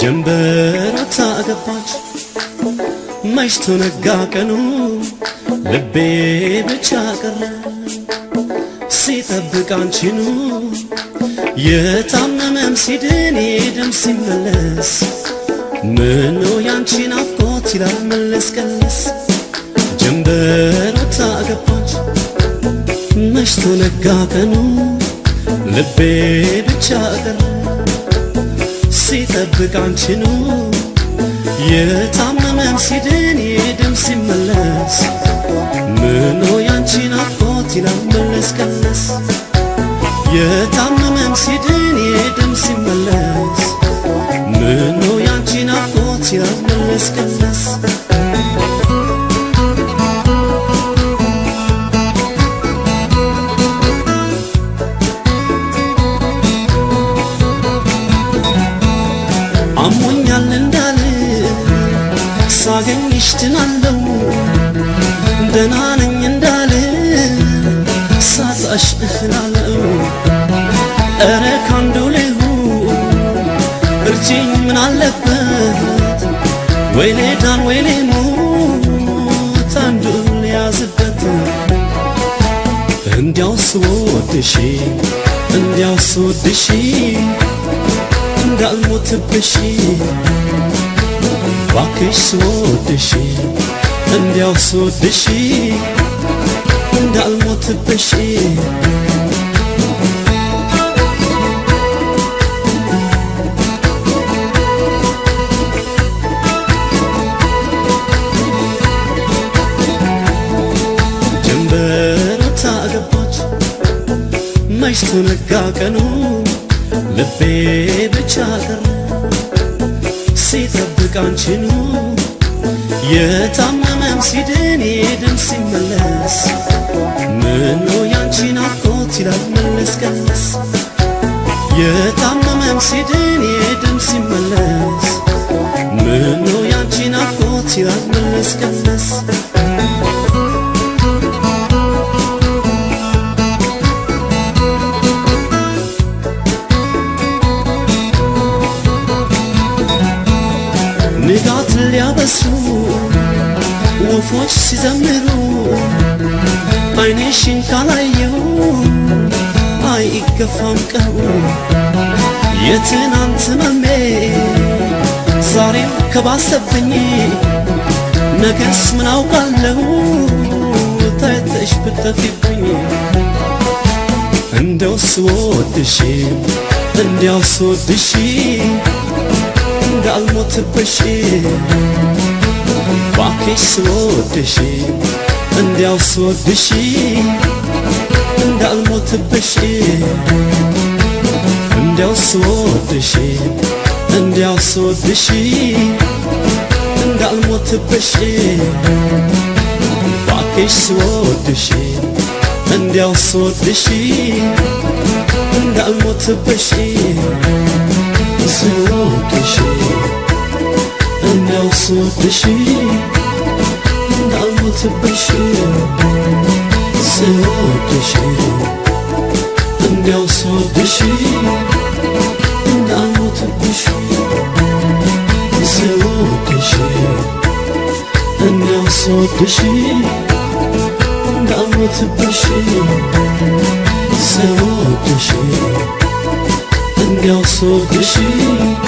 ጀንበር አታ ገባች መሽቶ ነጋ ቀኑ ልቤ ብቻ ቀረ ሲጠብቅ አንቺኑ የታመመም ሲድን የደም ሲመለስ ምነው ያንቺ ናፍቆት ይላል መለስ ቀለስ ጀንበር አታ ገባች መሽቶ ነጋ ቀኑ ልቤ ብቻ ቀረ ሲጠብቅ አንችኑ የታመመም ሲድን የድም ሲመለስ ምኖ ያንቺን አፍቆት ይላል መለስ ቀለስ የታመመም ሲድን የድም ሲመለስ ምኖ ያንቺን አፍቆት ይላል መለስ ቀለስ ባገኝሽ ትናለው ደህና ነኝ እንዳለ ሳጣሽ እህላለው እረ ካንዱ ልሁን እርጅኝ ምን አለበት ወይኔ ዳን ወይኔ ሞት አንዱ ልያዝበት እንዲያው ስወድሽ እንዲያው ስወድሽ እንዳልሞትብሽ እባክሽ ስወድሽ እንዲያው ስወድሽ እንዳልሞትብሽ መች ተነጋ ቀኑ ልቤ ብቻ ቀረ ሲጠባ ስስቅ የታመመም ሲድን የድም ሲመለስ ምነው ያንቺን ናፍቆት ይላል መለስ ቀለስ የታመመም ሲድን ድም ሲመለስ ምነው ያንቺን ናፍቆት ይላል መለስ ቀለስ ንጋት ሊያበስሩ ወፎች ሲዘምሩ አይኔሽን ካላየው አይገፋም ቀኑ የትናንት መሜ ዛሬም ከባሰብኝ ነገስ ምን አውቃለሁ ታይተሽ ብትጠፊብኝ እንደው ስወድሽ እንዲያው ስወድሽ እንዳልሞት በሺ ባክሽ ስወድሽ እንዲያው ስወድሽ እንዳልሞት በሺ እንዲያው ስወድሽ እንዲያው ስወድሽ እንዳልሞት በሺ ባክሽ ስወድሽ እንዲያው ስወድሽ እንዳልሞት በሺ صوت شي انا وصوت شي نعمت بشي صوت شي انا وصوت شي نعمت بشي صوت شي انا وصوت شي نعمت بشي صوت شي mingau sou de Chico